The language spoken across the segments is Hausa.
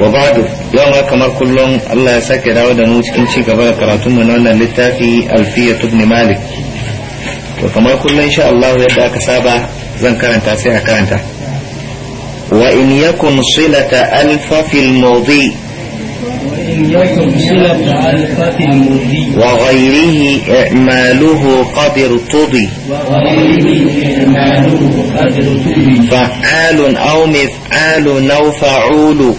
وبعد يوم كمر كلهم الله يساك يدعو دموش كنشي كبير كراتون من أولا للتافي ألفية ابن مالك وكمر كل إن شاء الله يدعى كسابة زن كارنتا سيها كارنتا وإن يكن صلة ألف في الموضي وغيره إعماله قدر تضي فعال أو مثال أو فعول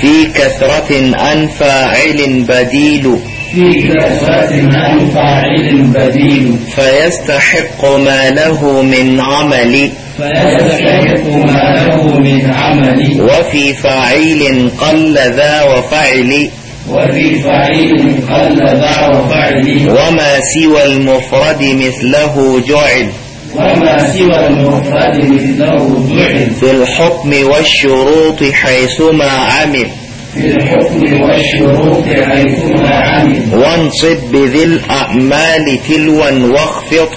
في كثرة أن فاعل بديل في كثرة أن فاعل بديل فيستحق ما له من عمل فيستحق ما له من عمل وفي فاعل قل ذا وفعل وفي فعيل قل ذا وفعل وما سوى المفرد مثله جعل وما سوى المفرد مثله جعل في الحكم والشروط حيثما عمل في الحكم والشروط حيثما عمل وانصب بذي الأعمال تلوا واخفض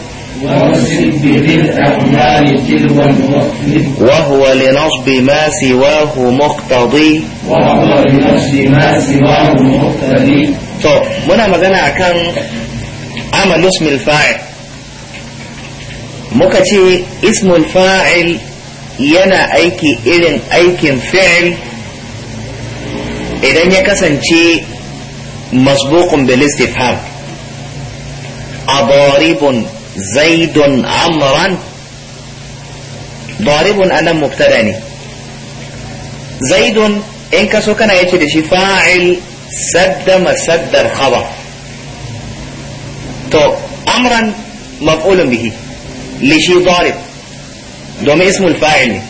بذي الأعمال واخفض وهو لنصب ما سواه مقتضي وهو لنصب ما سواه مقتضي طب منا مغنى عن عمل اسم الفاعل muka ce ismul fa'il yana aiki irin aikin fi'il idan ya kasance masbukun bil istifham adaribun zaidun amran daribun anan mubtada ne zaidun in kaso kana yace da shi fa'il sadda masaddar khabar to amran maf'ulun bihi lishi darib domin ismul fa'il ne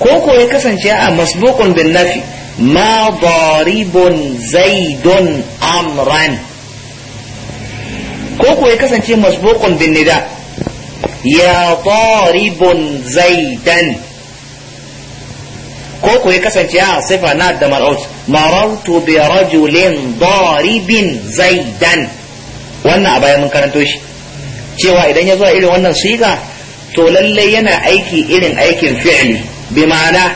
ko ko ya kasance a masbuqun bin nafi ma daribun zaidun amran ko ko ya kasance masbuqun bin nida ya daribun zaidan ko ko ya kasance a sifa na da mar'ut marartu bi rajulin daribin zaidan wannan a bayan mun karanto shi cewa idan ya zuwa irin wannan siga to lallai yana aiki irin aikin fi'li bi ma'ana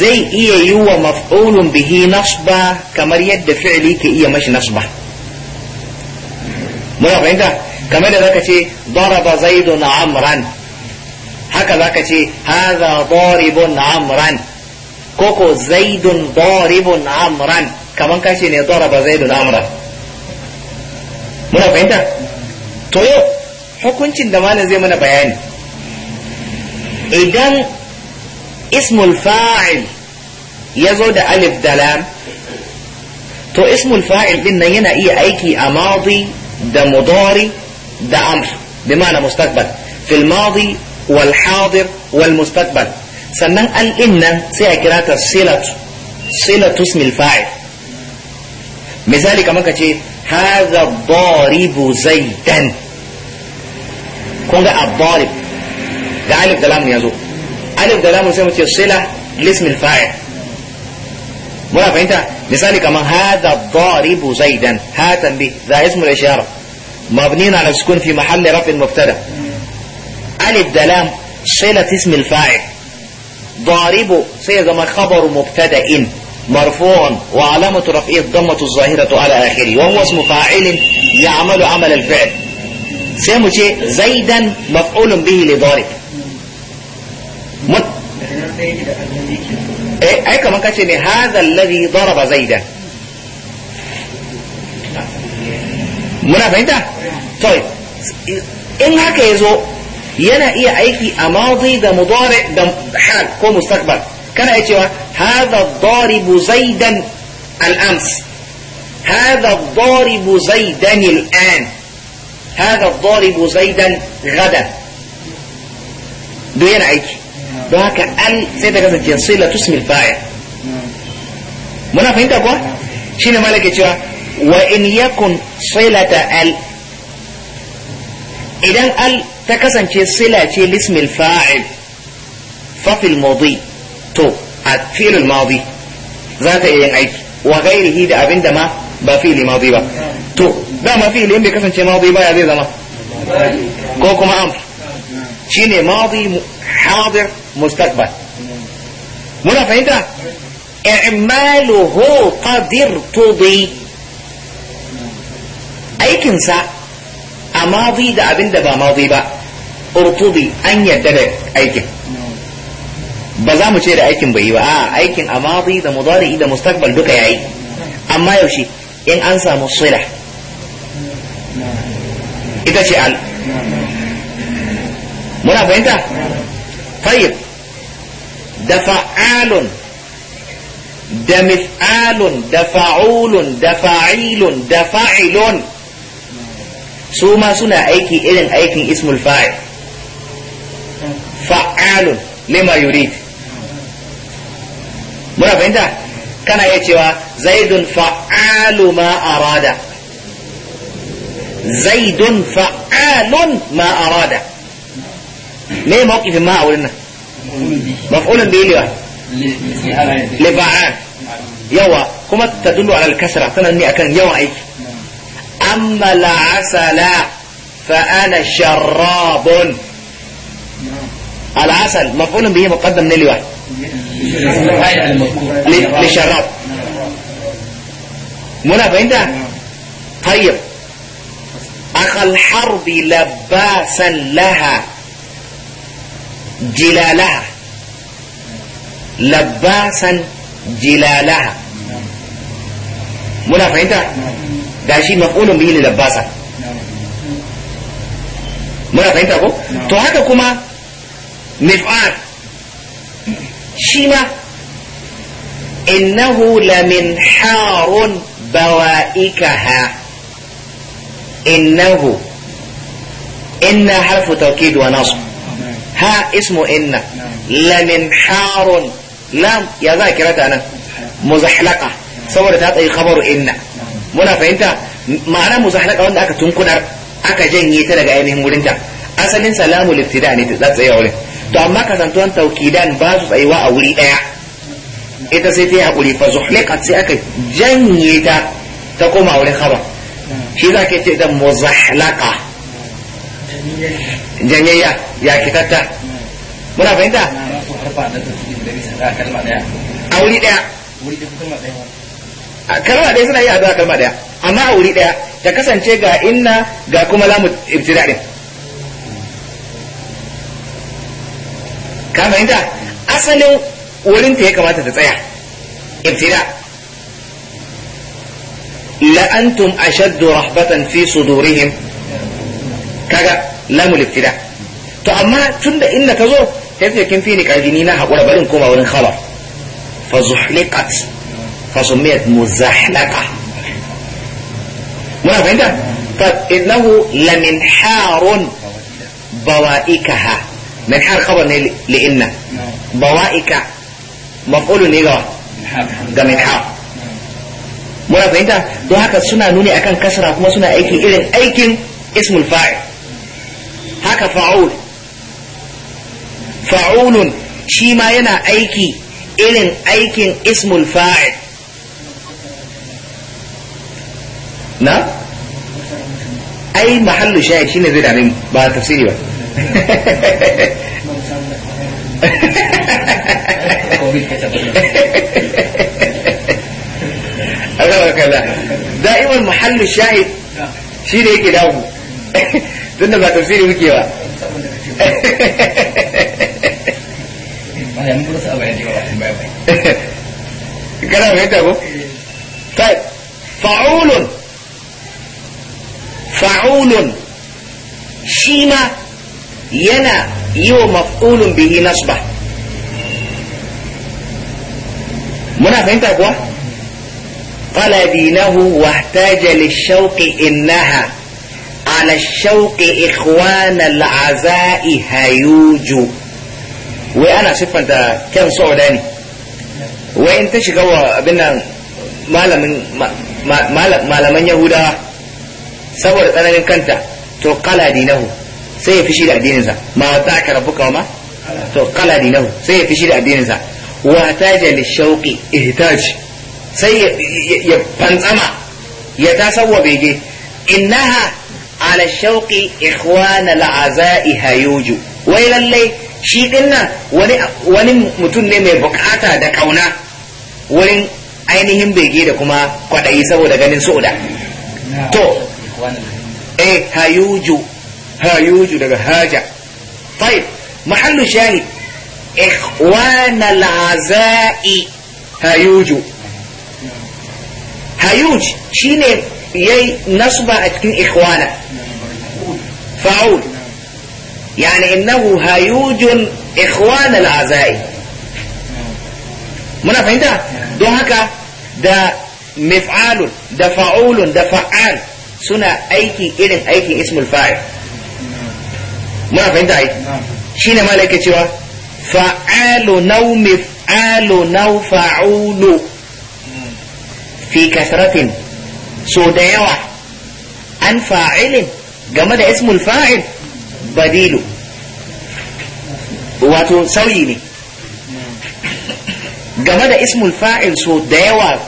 zai iya yi wa maf'ulun bihi nasba kamar yadda fi'li ke iya mashi nasba mun fahimta kamar da zaka ce daraba zaidun amran haka zaka ce hadha daribun amran koko zaidun daribun amran kaman kashi ne daraba zaidun amran mun fahimta to yau hukuncin da malam zai mana bayani idan ismul fa'il ya zo da alif da to ismul fa'il din nan yana iya aiki a madi da mudari da amr bi ma'ana mustaqbal fil madi wal hadir wal mustaqbal sannan al sai a kira ta silatu silatu ismul fa'il misali kamar ka ce هذا الضارب زيدا ده الضارب ده ألف دلام لام يزو ألف دلام لام سمت الصلة لاسم الفاعل مرة فأنت مثال كمان هذا الضارب زيدا ها تنبيه ذا اسم الإشارة مبني على السكون في محل رفع مبتدا ألف دلام لام صلة اسم الفاعل ضارب سيزم خبر مبتدأ مرفوع وعلامة رفعه الضمة الظاهرة على آخره وهو اسم فاعل يعمل عمل الفعل سيامو شيء زيدا مفعول به لضارب مت... ايه كمان كاتشي هذا الذي ضرب زيدا muna fahimta طيب ان haka yazo yana ايه aiki اماضي ده مضارع ده حال كو مستقبل كان cewa hadha daribu zaidan al-ams هذا الضارب زيدا الآن هذا الضارب زيدا غدا دوين عيك دوهك أن سيدة كسر جنسية تسمي الفاعل منا فهمت أقوى شين مالك يتوى وإن يكن صلة ال اذا ال تكسن صلة لاسم الفاعل ففي الماضي to a filin madi za ta iya yin aiki wa gairihi da abin da ma ba fili madi ba to dama fili in bai kasance madi ba ya zai zama ko kuma amr shine madi hadir mustaqbal muna fahimta i'maluhu qadir tudi aikinsa a madi da abin da ba madi ba urtubi an yadda da aikin ba za mu ce da aikin bai yi ba a aikin amadi da mudari da mustaqbal duka yayi amma yaushe in an samu sila ita ce al muna fahimta tayyib da fa'alun da mif'alun da fa'ulun da fa'ilun da fa'ilun su ma suna aiki irin aikin ismul fa'il fa'alun lima yurid muna fahimta kana iya cewa zaidun fa'alu ma arada zaidun fa'alun ma arada me mawqifin ma a wurin nan maf'ulun bihi wa li fa'al yawa kuma tadullu ala al-kasra tana ni akan yawan aiki amma la asala fa ana sharabun العسل مفعول به مقدم من الواحد لشراب منا فهمت طيب أخ الحرب لباسا لها جلالها لباسا جلالها منا فهمت ده شيء مفعول به لباسا muna fahimta ko to haka kuma mif'al shi ma innahu lamin harun bawa'ikaha innahu inna harfu tawkid wa ha ismu inna lamin harun lam ya za kirata nan muzahlaqa saboda ta tsayi kabaru inna muna fahimta ma'ana muzahlaqa wanda aka tunkunar aka janye ta daga ainihin wurinta asalin salamu liftida ne za ta tsaya wurin to amma kasantuwan taukidan ba su tsayuwa a wuri daya ita sai ta yi haƙuri fa zuhliqat sai aka janye ta ta koma wurin haba shi za ke ce da muzahlaqa janyayya ya kitatta muna fahimta a wuri daya a kalma daya suna yi a kalma daya amma a wuri daya ta kasance ga inna ga kuma lamu ibtida'in ka fahimta asalin wurin ta ya kamata ta tsaya ibtida la antum ashaddu rahbatan fi sudurihim kaga lamul ibtida to amma tunda inda ta zo ta ce kin fi ni karjini na hakura barin koma wurin khabar fa zuhliqat fa sumiyat muzahlaqa muna fahimta fa innahu lamin harun bawa'ikaha منحار خبر ني لإن بوائك مفعول ني غوا ga منحار muna fahimta don haka suna nuni akan kasra kuma suna aiki irin aikin ismul haka fa'ul fa'ulun shi ma yana aiki irin aikin ismul na ai mahallu shahid shine zai dame ba tafsiri Allah kaza da'iman mahallu shahid shi ne yake tun da ba tafsiri muke ba kana fa'ulun fa'ulun shi ma yana yi wa maf'ulun bihi nasba muna fahimta kuwa qalabinahu wahtaja lishawqi innaha ala shawqi ikhwana al'aza'i hayuju wai ana siffanta kyan sauda ne wai in ta shiga wa abinnan malamin malaman yahudawa saboda tsananin kanta to qaladinahu dinahu sai ya fishi da addininsa ma za ka rabu ka ma to kala dinahu sai ya fishi da addininsa wa taja li shauqi ihtaj sai ya fantsama ya tasawwa bege innaha ala shauqi ikhwana la'azaiha yuju wai lallai shi dinnan wani wani mutum ne mai bukata da kauna wurin ainihin bege da kuma kwadayi saboda ganin su'uda to eh hayuju hayuju daga haja طيب محل شاهد إخوان العزاء هايوج هايوج شين يي نصب أتكن إخوانا فعول يعني إنه هايوج إخوان العزاء muna fahimta don haka da mif'alun da fa'ulun da fa'al suna aiki irin aikin ismul fa'il muna fahimta ai shine malaka cewa fa'alu naumi fa'alu nau fa'ulu fi kasratin so da yawa an fa'ilin game da ismul fa'il badilu wato sauyi ne game da ismul fa'il so da yawa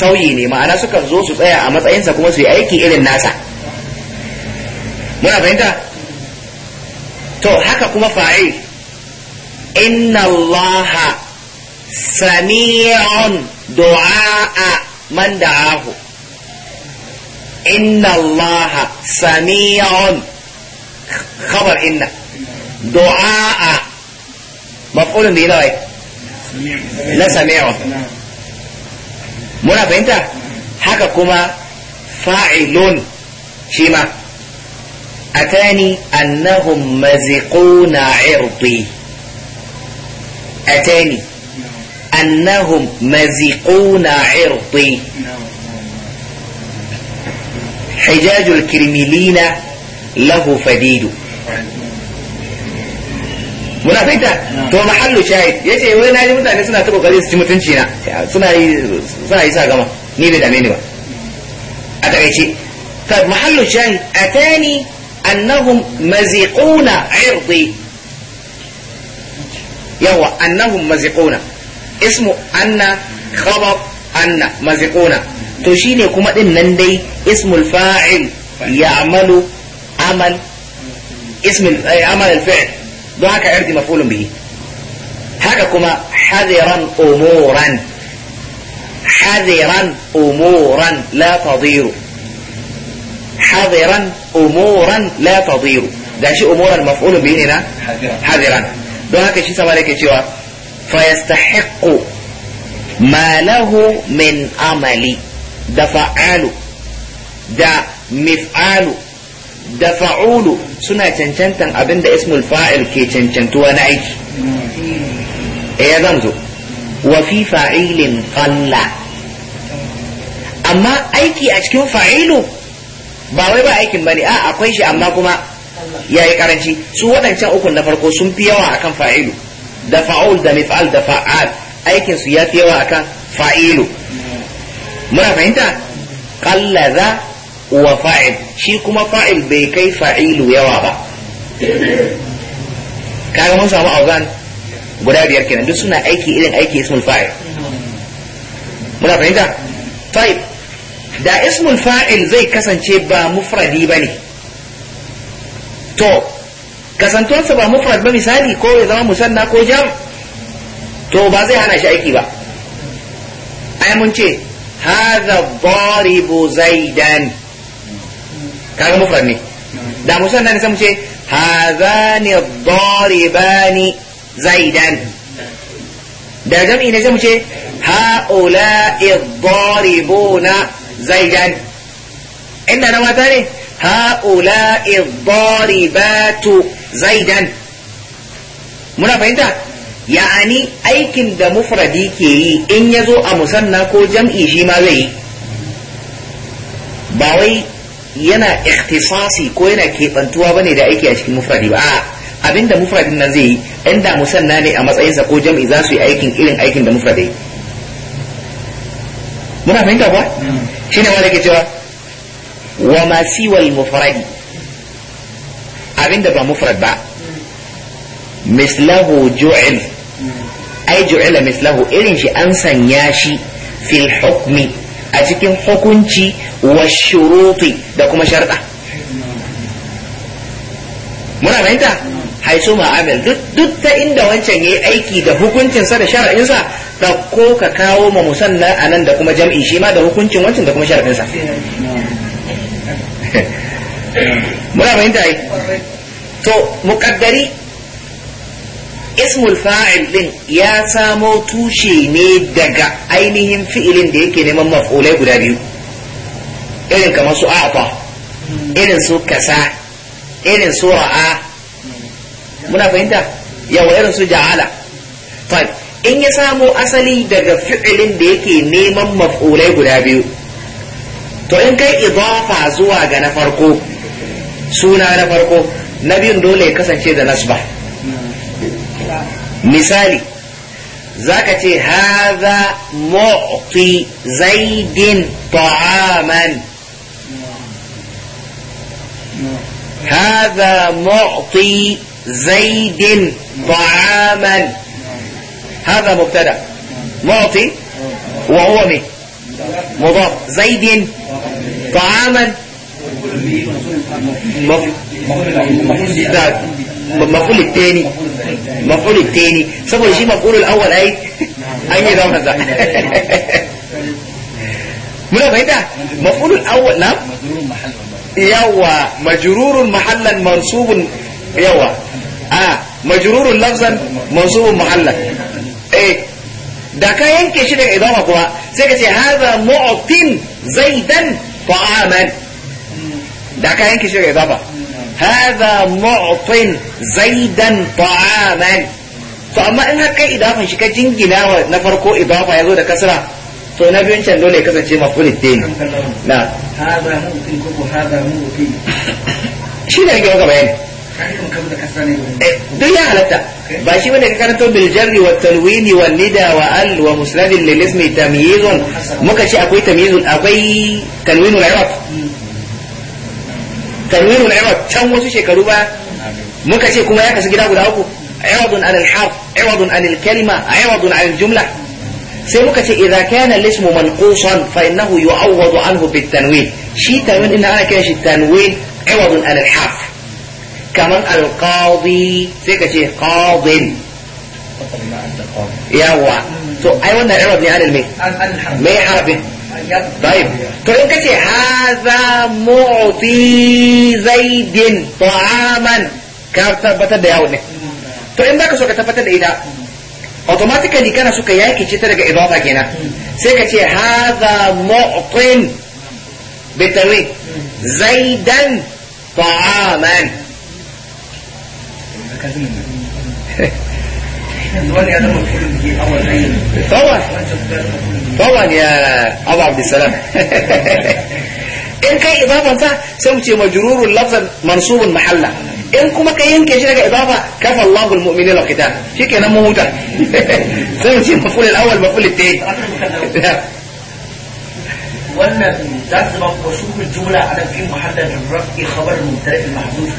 sauyi ne ma'ana sukan zo su tsaya a matsayinsa kuma su yi aiki irin nasa muna fahimta to haka kuma fa'il inna allaha sami'un du'a man da'ahu inna allaha sami'un khabar inna du'a maf'ulun yi lawai na sami'un muna fahimta haka kuma fa'ilun shi ma أتاني أنهم مزقون عرضي أتاني أنهم مزقون عرضي حجاج له فديد to mahallu shahid ya ce wai na ji mutane suna ta kokari su ci mutunci na suna yi sa gama ni ba a takaice atani أنهم مزقون عرضي يهو أنهم مزقون اسم أن خبر أن مزقون تشيني كما دي اسم الفاعل يعمل عمل اسم عمل الفعل ده عرضي مفعول به هكا كما حذرا أمورا حذرا أمورا لا تضيره حذرا أمورا لا تضير gashi umuran maf'ulun bihi ne na hadiran don haka shi sama yake cewa fa yastahiqqu ma lahu min amali da fa'alu da mif'alu da fa'ulu suna cancantan abinda da ismul fa'il ke cancantuwa na aiki e ya zan zo wa fa'ilin falla. amma aiki a cikin fa'ilu ba wai ba aikin bane a akwai shi amma kuma yayi karanci su waɗancan ukun na farko sun fi yawa akan fa'ilu da fa'ul da mif'al da fa'al aikin su ya fi yawa akan fa'ilu muna fahimta qallaza wa fa'il shi kuma fa'il bai kai fa'ilu yawa ba kaga mun samu auzan guda biyar kenan duk suna aiki irin aiki ismul fa'il muna fahimta طيب da ismul fa'il zai kasance ba mufradi ba ne to kasantuwarsa ba mufrad ba misali ko ya zama musanna ko jam to ba zai hana shi aiki ba ai mun ce hadha daribu zaidan kaga mufrad ne da musanna ne sai mu ce hadhani daribani zaidan da jam'i ne mu ce ha'ula'i daribuna زيدان إن أنا ثاني هؤلاء الضاربات Zaidan muna fahimta ya'ani aikin da mufradi ke yi in ya zo a musanna ko jam'i shi ma zai yi ba wai yana ikhtisasi ko yana keɓantuwa bane da aiki a cikin mufradi ba a abin da mufradin nan zai yi inda musanna ne a matsayinsa ko jam'i za su yi aikin irin aikin da mufradi muna fahimta ba shine ma ke cewa wa ma siwal mufradi abinda ba mufrad ba mislahu ju'il ai ju'ila mislahu irin shi an sanya shi fil hukmi a cikin hukunci wa shuruti da kuma sharda muna fahimta haisu ma'amil duk ta inda wancan yayi aiki da hukuncinsa da shara'insa ɗauko ka kawo ma musanna a nan da kuma jam'i shi ma da hukuncin wancan da kuma sharafinsa muna fahimta yi to muƙaddari ismul fa'il din ya samo tushe ne daga ainihin fi'ilin da yake neman maf'ulai guda biyu irin kamar su a'afa irin su kasa irin su ra'a muna fahimta yawa irin su ja'ala fine in ya samo asali daga fi'ilin da yake neman maf'ulai guda biyu to in kai idafa zuwa ga na farko suna na farko na biyun dole ya kasance da nasba misali zaka ce haza mu'ti zaidin ta'aman haza mu'ti zaidin ta'aman هذا مبتدا معطي وهو مين مضاف زيد طعاما مفعول الثاني مفعول الثاني سبوا يجي مفعول الاول اي اي ده ونزع منا بعيدا مفعول الاول نعم يوا مجرور محلا منصوب يوا اه مجرور لفظا منصوب محلا Eh, da ka yanke shi daga idama kuwa sai ka ce haza mu'tin zaidan ta'aman da ka yanke shi daga idama haza mu'tin zaidan ta'aman to amma in har kai idafan shi ka jingina wa na farko ya yazo da kasra to na biyun can dole ya kasance mafulid din na haza mu'tin ko haza mu'tin shi ne ga bayani Eh, duk ya halatta ba shi bane ka karanto bil jarri wa talwini wa nida wa al wa musnadin lil ismi tamyizun muka ce akwai tamyizun akwai na tanwinul iwat na iwat can wasu shekaru ba muka ce kuma ya kasu gida guda uku iwadun an al harf iwadun an al kalima iwadun an al jumla sai muka ce idza kana al ismu manqusan fa innahu yu'awwadu anhu bit tanwin shi tanwin ina ana kiran shi tanwin iwadun an al harf Kaman alƙazi sai ka ce ƙazin yawa to ai wannan arab ne anil mai mai harafin طيب فإن كتي هذا معطي زيد طعاما كارتبت da yawon ne to in baka so ka tabbatar da ita automatically kana so ka yaki ce ta daga kenan sai ka ce hadha mu'tin bitanwi zaidan طبعا طبعا يا ابو عبد السلام ان كان اضافه انت مجرور اللفظ منصوب محلا ان كما كان ينكي اضافه كفى الله المؤمنين القتال شيء كان موتا سمت المفعول الاول المفعول الثاني وانا تسبق وصول الجمله على في محدد الرفع خبر المبتدا المحذوف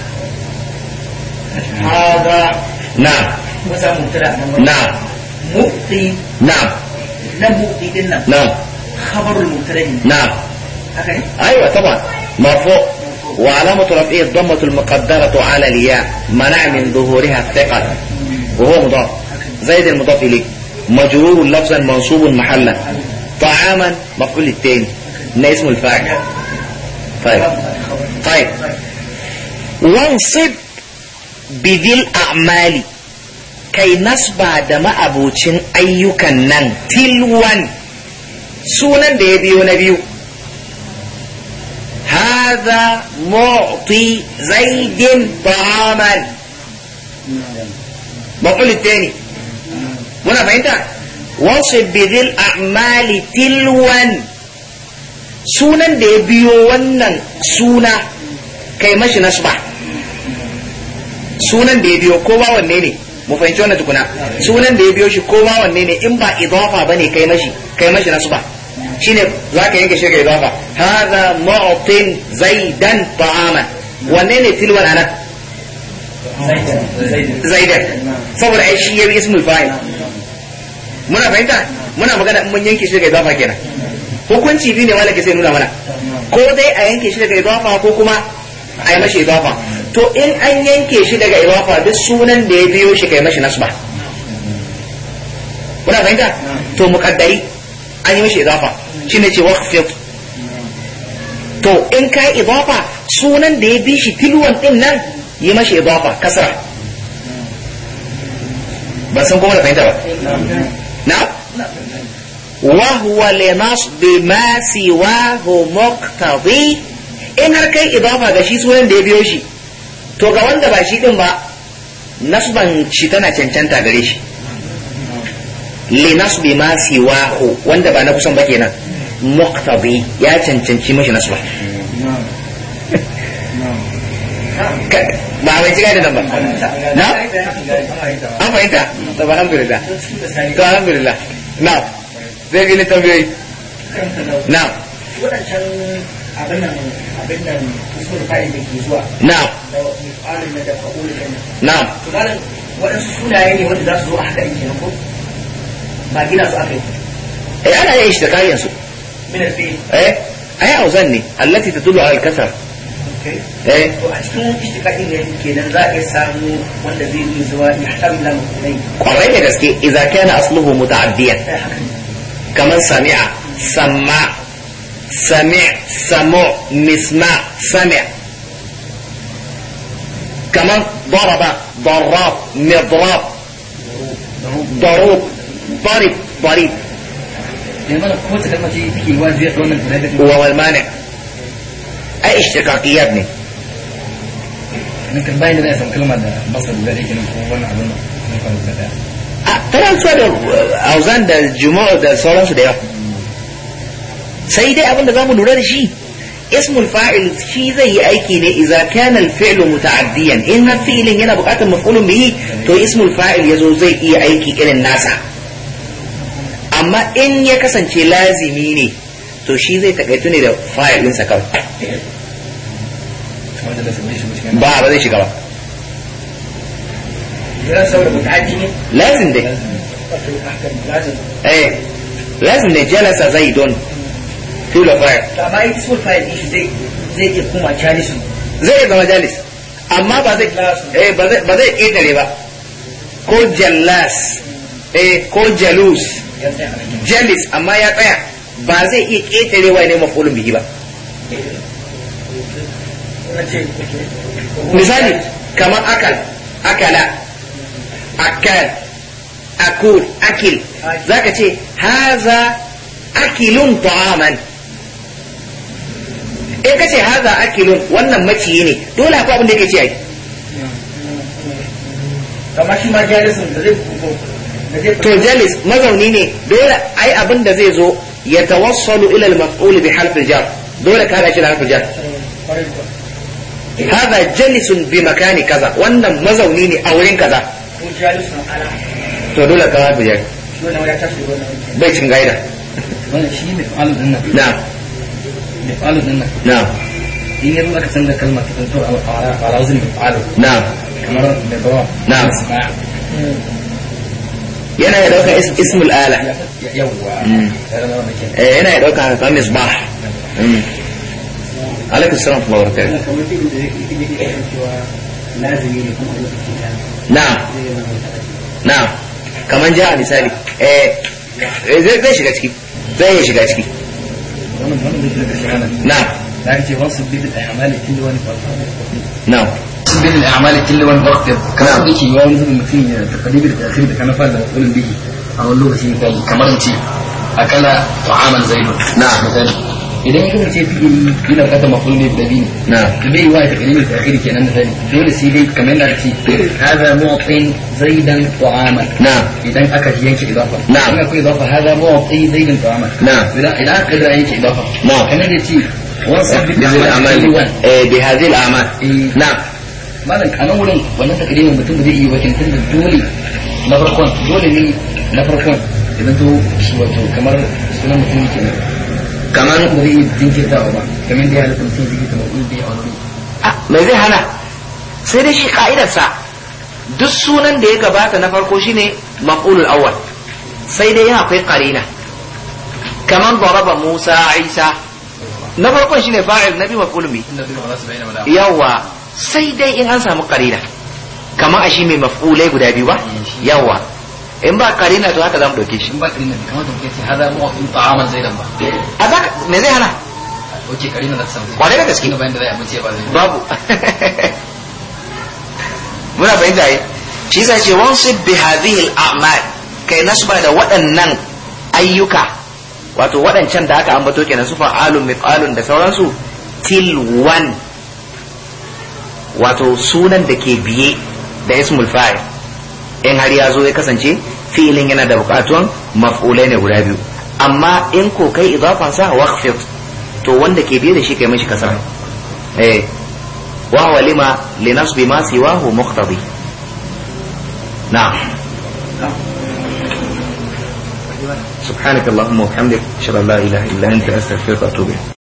هذا نعم وسا مبتدا نعم مبقي نعم لا مبقي نعم خبر المبتدا نعم ايوه طبعا مرفوع وعلامة رفعه الضمة المقدرة على الياء منع من ظهورها الثقل وهو مضاف زائد المضاف إليه مجرور لفظا منصوب محلا طعاما مفعول التاني ده اسمه الفاعل طيب. طيب طيب وانصب bidil a'mali kai nasba da ma'abocin ayyukan nan til wan sunan da ya biyo na biyu haza mu'ti zaidin ba'amal maqul tani muna fahimta wansib bidil a'mali til wan sunan da ya biyo wannan suna kai mashi nasba sunan da ya biyo ko ba wanne ne mu fahimci wannan tukuna sunan da ya biyo shi ko ba wanne ne in ba idafa bane kai mashi kai mashi nasba shine zaka yanke shi ga idafa hadha mu'tin zaidan ta'ama wanne ne tilwar anan zaidan saboda ai shi yayi ismul fa'il muna fahimta muna magana mun yanke shi ga idafa kenan hukunci biyu ne malaka sai nuna mana ko dai a yanke shi daga idafa ko kuma a yi mashi idafa to in an yanke shi daga iwafa duk sunan da ya biyo shi kai mashi nasba kuna fahimta to muqaddari an yi mashi idafa shine ce waqf to in kai idafa sunan da ya bi shi tilwan din nan yi mashi idafa kasra ban san kuma da fahimta ba na وهو لنصب wa سواه muqtadi in har kai idafa ga shi sunan da ya biyo shi to ga wanda ba shi din ba nasban shi tana cancanta gare shi li nasbi ma siwahu wanda ba na kusan ba kenan muqtabi ya cancanci mashi nasba ba mai cika da nan ba na an fahimta to alhamdulillah to alhamdulillah na zai bi tambayoyi na abin nan da ke zuwa na'am da na'am waɗansu sunaye ne wanda za su zo a haɗa yake ko ba gina su aka yi eh ana yin su min eh ai auzan ne allati ta ala al-kasr eh to a cikin ishtikariyan ne kenan za a samu wanda zai yi zuwa yahtamila mutulai kwarai da gaske idza kana asluhu muta'addiyan eh, kamar sami'a samma سمع سمع نسمع سمع كمان ضرب ضراب مضراب ضروب ضرب ضريب وهو المانع اي اشتقاقية يا ابني ممكن باين اسم كلمة بصل ذلك وانا علمنا آه، ترى السؤال اوزان ده الجمعة ده صلاة ده sai dai abin da zamu lura da shi ismul fa'il shi zai yi aiki ne idza kana al fi'lu muta'addiyan in har filin yana buƙatar maf'ulun bihi to ismul fa'il yazo zai iya aiki irin nasa amma in ya kasance lazimi ne to shi zai takaitu ne da fa'il din kawai ba ba zai shiga ba lazim dai lazim ne eh, jalasa don. hula faya amma yi sul fire din zai zai iya kuma jalisun zai iya zama amma ba zai eh ba zai ba ko jallas eh ko jalus jalis amma ya tsaya ba zai iya wa ne mafulun bihi ba misali kamar akal akala akal akul akil Za ka ce haza akilun ta'aman in ka ce haza akilun wannan maciyi ne dole akwai abin da yake ci ai kamar shi ma jalisin da zai to jalis mazauni ne dole ai abin da zai zo ya tawassalu ila al-maf'ul bi harf al-jar dole ka shi da harf al-jar eh, hada jalisun bi makani kaza wannan mazauni ne a wurin kaza to dole ka harf al-jar bai cin gaida wannan shi ne al'adun nan na maf'alu din nan na'am in yi aka canza kalma ta zanto a razin maf'alu na'am kamar da bawa na'am hmm. yana ya dauka ismul ala yawwa hmm. eh, yana ya dauka kamar misbah hmm. alaikum salam wa barakatuh na'am na'am kamar jiha misali eh, eh zai shiga ciki zai shiga ciki نعم بين الأعمال الكل والفرق نعم كما بك يوم في تقريب التأخير كما فعل مسؤول به أو اللغة كما أنت أكل طعاما زيد نعم مثلا idan ya kasance fi'ili yana bukatar mafulu ne guda biyu ne da bai wa ta kalmar ta'khiri kenan da sani dole sai dai kamar yadda ce hadha mu'tin zaidan Na. idan aka yanke idafa in akwai idafa hadha mu'ti zaidan Na. idan idan aka yanke idafa kamar da ce wasu bihazil amal Na. malam kanan wurin wannan takardar mutum zai iya bakin tun da dole na farkon dole ne na farkon idan to shi wato kamar sunan mutum kenan kamar mai ah, zai hana sai dai shi ka'idarsa duk sunan da ya gabata na farko shine maqulul awwal sai dai yana kai karina kamar daraba Musa Isa na farkon shine fa'il bi maqulun bi yawa sai dai in an samu karina kamar shi mai maf'ulai guda biyu ba eh, yawa in ba karina to haka zamu dauke shi in ba karina kamar da kuke ce za mu in zai zaidan ba a za me zai hana oke karina na samu kwarai da gaske bayan da zai amince ba babu muna fahimta yi shi yasa ce wansib bi hadhihi al-a'mal kai nasba da waɗannan ayyuka wato waɗancan da aka ambato kenan su fa'alun mif'alun da sauransu one wato sunan da ke biye da ismul fa'il in har ya zo ya kasance fi'ilin yana da bukatun maf'ulai ne guda biyu amma in ko kai idafan sa waqfit to wanda ke biye da shi kai mishi kasara eh wa huwa lima li nasbi ma siwahu muqtadi na'am سبحانك اللهم وبحمدك اشهد ان لا اله الا انت استغفرك واتوب اليك